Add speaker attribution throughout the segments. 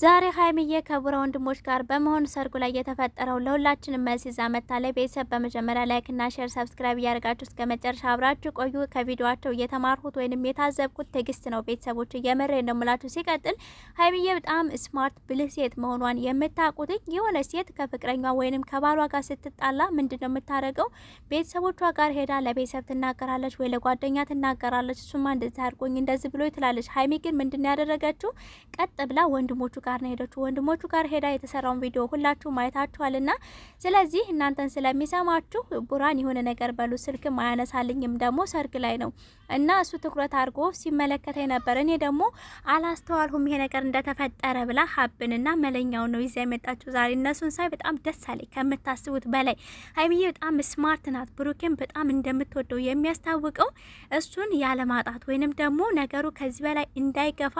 Speaker 1: ዛሬ ሀይሚዬ ከቡራ ወንድሞች ጋር በመሆን ሰርጉ ላይ የተፈጠረው ለሁላችንም መልስ ይዛ መታለች። ቤተሰብ በመጀመሪያ ላይክና ሼር፣ ሰብስክራይብ እያደርጋችሁ እስከ መጨረሻ አብራችሁ ቆዩ። ከቪዲዮቸው እየተማርኩት ወይንም የታዘብኩት ትግስት ነው። ቤተሰቦች እየመረ እንደሙላችሁ ሲቀጥል ሀይሚዬ በጣም ስማርት ብልህ ሴት መሆኗን የምታውቁትኝ የሆነ ሴት ከፍቅረኛ ወይንም ከባሏ ጋር ስትጣላ ምንድን ነው የምታደርገው? ቤተሰቦቿ ጋር ሄዳ ለቤተሰብ ትናገራለች ወይ ለጓደኛ ትናገራለች። እሱማ እንደዚህ አድርጎኝ እንደዚህ ብሎ ትላለች። ሀይሚ ግን ምንድን ያደረገችው ቀጥ ብላ ወንድሞቹ ጋር ነው ሄደችው። ወንድሞቹ ጋር ሄዳ የተሰራውን ቪዲዮ ሁላችሁ ማየታችኋልና፣ ስለዚህ እናንተን ስለሚሰማችሁ ቡራን የሆነ ነገር በሉ፣ ስልክ ማያነሳልኝም ደግሞ ሰርግ ላይ ነው እና እሱ ትኩረት አድርጎ ሲመለከተኝ ነበር። እኔ ደግሞ አላስተዋልሁም ይሄ ነገር እንደተፈጠረ ብላ ሀብንና መለኛው ነው ይዛ የመጣችሁ ዛሬ። እነሱን ሳይ በጣም ደስ አለኝ ከምታስቡት በላይ። ሀይሚዬ በጣም ስማርት ናት፣ ብሩኬም በጣም እንደምትወደው የሚያስታውቀው እሱን ያለማጣት ወይንም ደግሞ ነገሩ ከዚህ በላይ እንዳይገፋ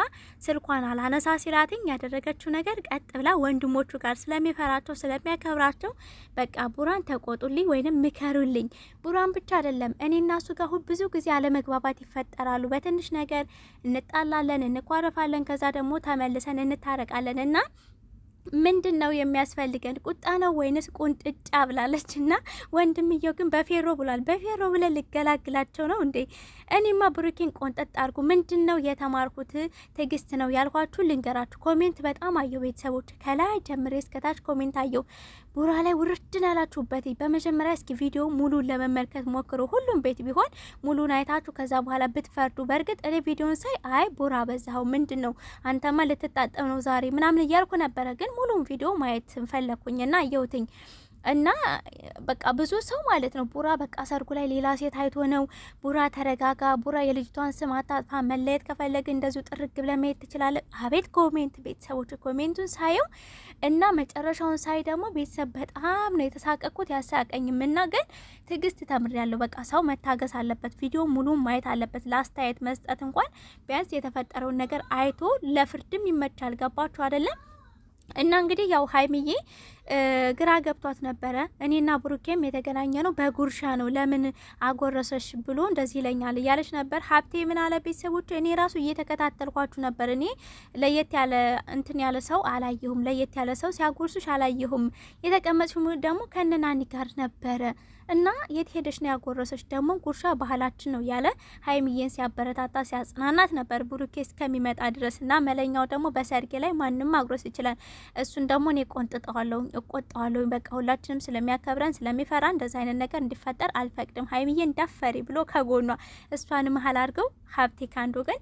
Speaker 1: ስልኳን አላነሳ ሲላትኝ ያደ ያደረገችው ነገር ቀጥ ብላ ወንድሞቹ ጋር ስለሚፈራቸው ስለሚያከብራቸው፣ በቃ ቡራን ተቆጡልኝ ወይንም ምከሩልኝ። ቡራን ብቻ አይደለም እኔና እሱ ጋር ብዙ ጊዜ አለመግባባት ይፈጠራሉ። በትንሽ ነገር እንጣላለን፣ እንኳረፋለን፣ ከዛ ደግሞ ተመልሰን እንታረቃለን እና ምንድን ነው የሚያስፈልገን? ቁጣ ነው ወይንስ ቁንጥጫ ብላለች። እና ወንድምየው ግን በፌሮ ብሏል። በፌሮ ብለ ልገላግላቸው ነው እንዴ? እኔማ ብሩኬን ቆንጠጥ አርጉ። ምንድን ነው የተማርኩት? ትዕግስት ነው ያልኳችሁ። ልንገራችሁ፣ ኮሜንት በጣም አየው። ቤተሰቦች ከላይ ጀምሬ እስከታች ኮሜንት አየው። ቡራ ላይ ውርድን ያላችሁበት በመጀመሪያ እስኪ ቪዲዮ ሙሉን ለመመልከት ሞክሩ። ሁሉም ቤት ቢሆን ሙሉን አይታችሁ ከዛ በኋላ ብትፈርዱ። በእርግጥ እኔ ቪዲዮን ሳይ አይ ቡራ በዛው ምንድን ነው አንተማ ልትጣጠብ ነው ዛሬ ምናምን እያልኩ ነበረ ግን ግን ሙሉን ቪዲዮ ማየት እንፈለግኩኝ እንፈለግኩኝና አየሁትኝ። እና በቃ ብዙ ሰው ማለት ነው ቡራ በቃ ሰርጉ ላይ ሌላ ሴት አይቶ ነው። ቡራ ተረጋጋ፣ ቡራ የልጅቷን ስም አታጥፋ፣ መለየት ከፈለግ እንደዚሁ ጥርግ ብለህ መሄድ ትችላለህ። አቤት ኮሜንት ቤተሰቦች፣ ኮሜንቱን ሳየው እና መጨረሻውን ሳይ ደግሞ ቤተሰብ በጣም ነው የተሳቀቅኩት፣ ያሳቀኝም እና ግን ትግስት ተምር ያለው በቃ ሰው መታገስ አለበት፣ ቪዲዮ ሙሉ ማየት አለበት። ለአስተያየት መስጠት እንኳን ቢያንስ የተፈጠረውን ነገር አይቶ ለፍርድም ይመቻል። ገባችሁ አደለም? እና እንግዲህ ያው ሀይሚዬ ግራ ገብቷት ነበረ። እኔና ብሩኬም የተገናኘ ነው በጉርሻ ነው ለምን አጎረሰሽ ብሎ እንደዚህ ይለኛል እያለች ነበር። ሀብቴ ምን አለ ቤተሰቦች፣ እኔ ራሱ እየተከታተልኳችሁ ነበር። እኔ ለየት ያለ እንትን ያለ ሰው አላየሁም፣ ለየት ያለ ሰው ሲያጎርሱሽ አላየሁም። የተቀመጥሽ ደግሞ ከነናኒ ጋር ነበረ እና የት ሄደሽ ነው ያጎረሰች? ደግሞ ጉርሻ ባህላችን ነው ያለ ሀይሚዬን ሲያበረታታ ሲያጽናናት ነበር ብሩኬ እስከሚመጣ ድረስ እና መለኛው ደግሞ በሰርጌ ላይ ማንም ማጉረስ ይችላል። እሱን ደግሞ እኔ ቆንጥጠዋለሁ እቆጣዋለሁ። በቃ ሁላችንም ስለሚያከብረን ስለሚፈራ እንደዚ አይነት ነገር እንዲፈጠር አልፈቅድም፣ ሀይሚዬ እንዳፈሪ ብሎ ከጎኗ እሷን መሀል አድርገው ሀብቴ ካንዶ ግን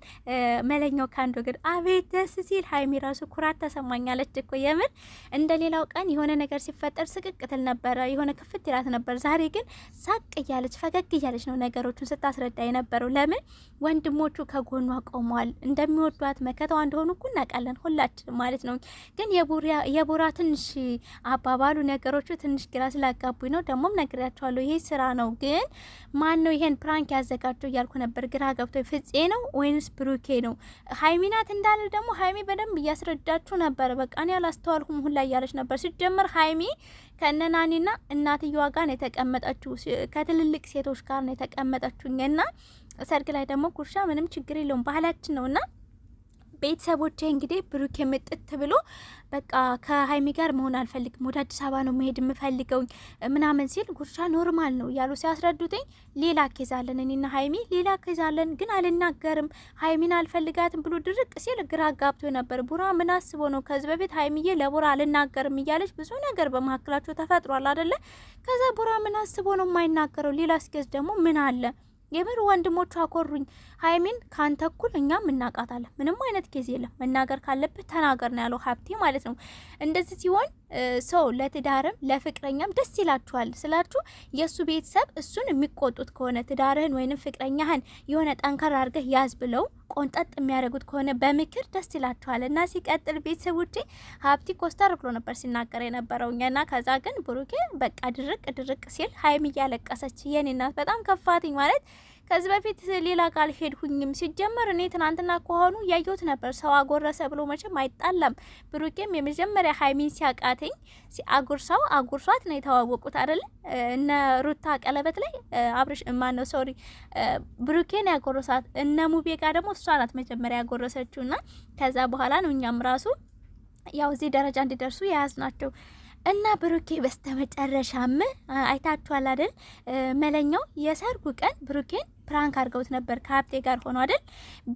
Speaker 1: መለኛው ካንዶ ግን አቤት ደስ ሲል ሀይሚ ራሱ ኩራት ተሰማኛለች እኮ የምር። እንደ ሌላው ቀን የሆነ ነገር ሲፈጠር ስቅቅትል ነበረ፣ የሆነ ክፍት ይላት ነበር። ዛሬ ግን ሳቅ እያለች ፈገግ እያለች ነው ነገሮቹን ስታስረዳ የነበረው። ለምን ወንድሞቹ ከጎኗ ቆመዋል። እንደሚወዷት መከተዋ እንደሆኑ እኮ እናውቃለን ሁላችን ማለት ነው። ግን የቡራ ትንሽ አባባሉ ነገሮቹ ትንሽ ግራ ስላጋቡኝ ነው። ደግሞም ነግሬያቸዋለሁ፣ ይሄ ስራ ነው። ግን ማን ነው ይሄን ፕራንክ ያዘጋጀው እያልኩ ነበር ግራ ገብቶ ፍፄ ነው ወይንስ ብሩኬ ነው? ሀይሚናት እንዳለ ደግሞ ሀይሚ በደንብ እያስረዳችሁ ነበር በቃ እኔ አላስተዋልኩም ሁላ እያለች ነበር። ሲጀመር ሀይሚ ከነናኒና እናትየዋ ጋር ነው የተቀመጠችው፣ ከትልልቅ ሴቶች ጋር ነው የተቀመጠችው እና ሰርግ ላይ ደግሞ ጉርሻ ምንም ችግር የለውም ባህላችን ነውና ቤተሰቦች እንግዲህ ብሩክ የምጥት ብሎ በቃ ከሀይሚ ጋር መሆን አልፈልግም፣ ወደ አዲስ አበባ ነው መሄድ የምፈልገው ምናምን ሲል ጉርሻ ኖርማል ነው እያሉ ሲያስረዱትኝ፣ ሌላ ኬዛለን እኔና ሀይሚ ሌላ ኬዛለን ግን አልናገርም ሀይሚን አልፈልጋትም ብሎ ድርቅ ሲል ግራ ጋብቶ ነበር። ቡራ ምን አስቦ ነው? ከዚህ በፊት ሀይሚዬ ለቡራ አልናገርም እያለች ብዙ ነገር በመካከላቸው ተፈጥሯል አደለ? ከዛ ቡራ ምን አስቦ ነው የማይናገረው? ሌላ ስኬዝ ደግሞ ምን አለ? የምር ወንድሞቹ አኮሩኝ። ሀይሚን ከአንተ እኩል እኛም እናቃታለን። ምንም አይነት ኬዝ የለም። መናገር ካለብህ ተናገር ነው ያለው ሀብቴ ማለት ነው። እንደዚህ ሲሆን ሰው ለትዳርም ለፍቅረኛም ደስ ይላችኋል ስላችሁ የእሱ ቤተሰብ እሱን የሚቆጡት ከሆነ ትዳርህን ወይንም ፍቅረኛህን የሆነ ጠንከር አድርገህ ያዝ ብለው ቆንጠጥ የሚያደርጉት ከሆነ በምክር ደስ ይላችኋል። እና ሲቀጥል ቤተሰቦቼ ሀብቲ ኮስተር ብሎ ነበር ሲናገር የነበረው እና ከዛ ግን ብሩኬ በቃ ድርቅ ድርቅ ሲል ሀይም እያለቀሰች የኔ እናት በጣም ከፋትኝ ማለት ከዚህ በፊት ሌላ ቃል ሄድኩኝም። ሲጀመር እኔ ትናንትና ከሆኑ ያየሁት ነበር። ሰው አጎረሰ ብሎ መቼም አይጣላም። ብሩቄም የመጀመሪያ ሀይሚን ሲያቃተኝ አጉርሳው አጉርሷት ነው የተዋወቁት አይደለ? እነ ሩታ ቀለበት ላይ አብርሽ ማን ነው ሶሪ፣ ብሩኬን ያጎረሳት እነ ሙቤ ጋር ደግሞ እሷ ናት መጀመሪያ ያጎረሰችው ና ከዛ በኋላ ነው እኛም ራሱ ያው እዚህ ደረጃ እንዲደርሱ የያዝ ናቸው። እና ብሩኬ በስተመጨረሻም አይታችኋል አይደል? መለኛው የሰርጉ ቀን ብሩኬን ፕራንክ አድርገውት ነበር ከሀብቴ ጋር ሆኖ አይደል?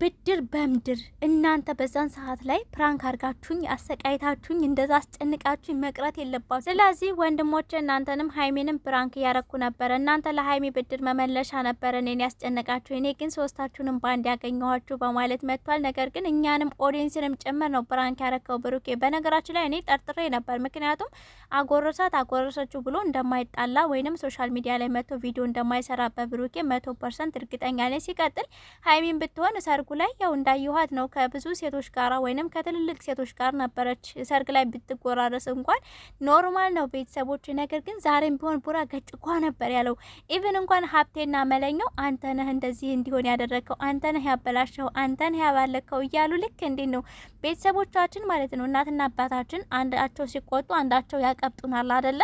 Speaker 1: ብድር በምድር እናንተ በዛን ሰዓት ላይ ፕራንክ አድርጋችሁኝ አሰቃይታችሁኝ እንደዛ አስጨንቃችሁኝ መቅረት የለባችሁ። ስለዚህ ወንድሞቼ እናንተንም ሀይሜንም ፕራንክ እያረኩ ነበረ። እናንተ ለሀይሜ ብድር መመለሻ ነበረ እኔን ያስጨነቃችሁ። እኔ ግን ሶስታችሁንም በአንድ ያገኘኋችሁ በማለት መጥቷል። ነገር ግን እኛንም ኦዲንስንም ጭምር ነው ፕራንክ ያረከው ብሩኬ። በነገራችን ላይ እኔ ጠርጥሬ ነበር፣ ምክንያቱም አጎረሳት አጎረሰችው ብሎ እንደማይጣላ ወይንም ሶሻል ሚዲያ ላይ መቶ ቪዲዮ እንደማይሰራ በብሩኬ መቶ ፐርሰንት እርግጠኛ ነኝ። ሲቀጥል ሀይሚን ብትሆን ሰርጉ ላይ ያው እንዳየኋት ነው ከብዙ ሴቶች ጋራ ወይንም ከትልልቅ ሴቶች ጋር ነበረች። ሰርግ ላይ ብትጎራረስ እንኳን ኖርማል ነው ቤተሰቦች። ነገር ግን ዛሬም ቢሆን ቡራ ገጭኳ ነበር ያለው። ኢቭን እንኳን ሀብቴና መለኛው አንተ ነህ እንደዚህ እንዲሆን ያደረግከው፣ አንተ ነህ ያበላሸው፣ አንተ ነህ ያባለከው እያሉ ልክ እንዴት ነው ቤተሰቦቻችን ማለት ነው እናትና አባታችን አንዳቸው ሲቆጡ አንዳቸው ያቀብጡናል አደለ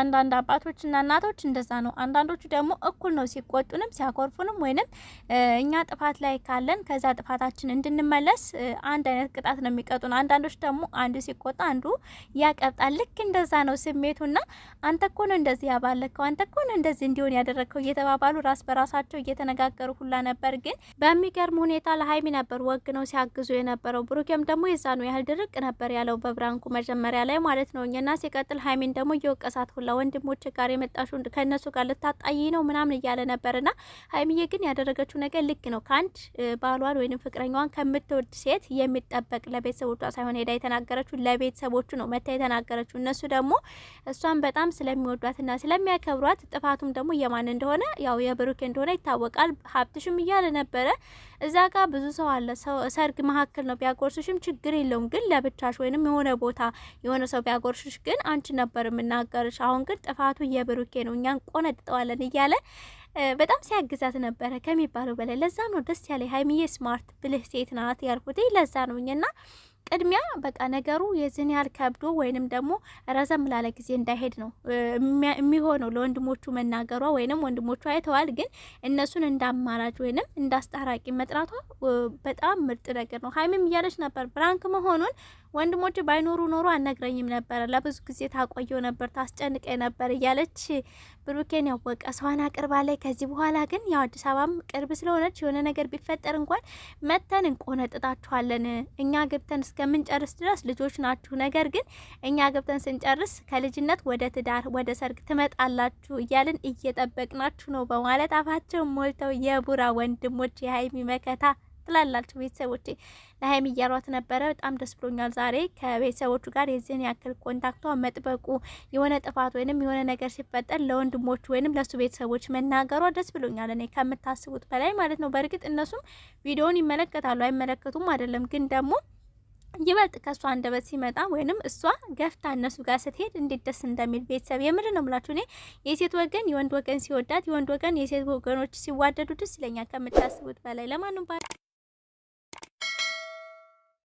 Speaker 1: አንዳንድ አባቶችና እናቶች እንደዛ ነው። አንዳንዶቹ ደግሞ እኩል ነው፣ ሲቆጡንም ሲያኮርፉንም ወይንም እኛ ጥፋት ላይ ካለን ከዛ ጥፋታችን እንድንመለስ አንድ አይነት ቅጣት ነው የሚቀጡን። አንዳንዶች ደግሞ አንዱ ሲቆጣ አንዱ ያቀብጣል። ልክ እንደዛ ነው ስሜቱና አንተ እኮ ነው እንደዚህ ያባለከው፣ አንተ እኮ ነው እንደዚህ እንዲሆን ያደረግከው እየተባባሉ ራስ በራሳቸው እየተነጋገሩ ሁላ ነበር። ግን በሚገርም ሁኔታ ለሀይሚ ነበር ወግ ነው ሲያግዙ የነበረው። ብሩኬም ደግሞ የዛ ነው ያህል ድርቅ ነበር ያለው በብራንኩ መጀመሪያ ላይ ማለት ነው እኛና ሲቀጥል ሀይሚን ደግሞ እየወቀሳት ሁላ ወንድሞች ጋር የመጣሹ ከእነሱ ጋር ልታጣይ ነው ምናምን እያለ ና ሀይሚዬ ግን ያደረገችው ነገር ልክ ነው። ከአንድ ባሏን ወይም ፍቅረኛዋን ከምትወድ ሴት የሚጠበቅ ለቤተሰቦቿ ሳይሆን ሄዳ የተናገረችው ለቤተሰቦቹ ነው መታ የተናገረችው። እነሱ ደግሞ እሷን በጣም ስለሚወዷትና ስለሚያከብሯት ጥፋቱም ደግሞ የማን እንደሆነ ያው የብሩክ እንደሆነ ይታወቃል። ሀብትሽም እያለ ነበረ እዛ ጋር ብዙ ሰው አለ። ሰርግ መካከል ነው ቢያጎርሱሽም ችግር የለውም ግን ለብቻሽ ወይንም የሆነ ቦታ የሆነ ሰው ቢያጎርሱሽ ግን አንቺ ነበር የምናገርሽ አሁን ግን ጥፋቱ የብሩኬ ነው፣ እኛን ቆነጥጠዋለን እያለ በጣም ሲያግዛት ነበረ ከሚባለው በላይ። ለዛ ነው ደስ ያለ ሀይሚዬ ስማርት ብልህ ሴት ናት ያልኩት ለዛ ነው እኛና ቅድሚያ በቃ ነገሩ የዝን ያህል ከብዶ ወይንም ደግሞ ረዘም ላለ ጊዜ እንዳይሄድ ነው የሚሆነው። ለወንድሞቹ መናገሯ ወይንም ወንድሞቹ አይተዋል፣ ግን እነሱን እንዳማራጭ ወይንም እንዳስጠራቂ መጥራቷ በጣም ምርጥ ነገር ነው። ሀይሚም እያለች ነበር ብራንክ መሆኑን ወንድሞች ባይኖሩ ኖሮ አነግረኝም ነበረ፣ ለብዙ ጊዜ ታቆየው ነበር፣ ታስጨንቀ ነበር እያለች ብሩኬን ያወቀ ሰዋን አቅርባ ላይ ከዚህ በኋላ ግን ያው አዲስ አበባም ቅርብ ስለሆነች የሆነ ነገር ቢፈጠር እንኳን መተን እንቆነጥጣችኋለን። እኛ ገብተን እስከምንጨርስ ድረስ ልጆች ናችሁ፣ ነገር ግን እኛ ገብተን ስንጨርስ ከልጅነት ወደ ትዳር ወደ ሰርግ ትመጣላችሁ እያልን እየጠበቅናችሁ ነው በማለት አፋቸውን ሞልተው የቡራ ወንድሞች የሀይሚ መከታ ትላላችሁ ቤተሰቦቼ። ለሀይሚ እያሏት ነበረ። በጣም ደስ ብሎኛል ዛሬ ከቤተሰቦቹ ጋር የዚህን ያክል ኮንታክቷ መጥበቁ የሆነ ጥፋት ወይንም የሆነ ነገር ሲፈጠር ለወንድሞቹ ወይንም ለእሱ ቤተሰቦች መናገሯ ደስ ብሎኛል፣ እኔ ከምታስቡት በላይ ማለት ነው። በእርግጥ እነሱም ቪዲዮውን ይመለከታሉ አይመለከቱም አይደለም፣ ግን ደግሞ ይበልጥ ከእሷ አንደበት ሲመጣ ወይንም እሷ ገፍታ እነሱ ጋር ስትሄድ እንዴት ደስ እንደሚል ቤተሰብ የምር ነው ምላችሁ። እኔ የሴት ወገን የወንድ ወገን ሲወዳት፣ የወንድ ወገን የሴት ወገኖች ሲዋደዱ ደስ ይለኛል ከምታስቡት በላይ ለማንም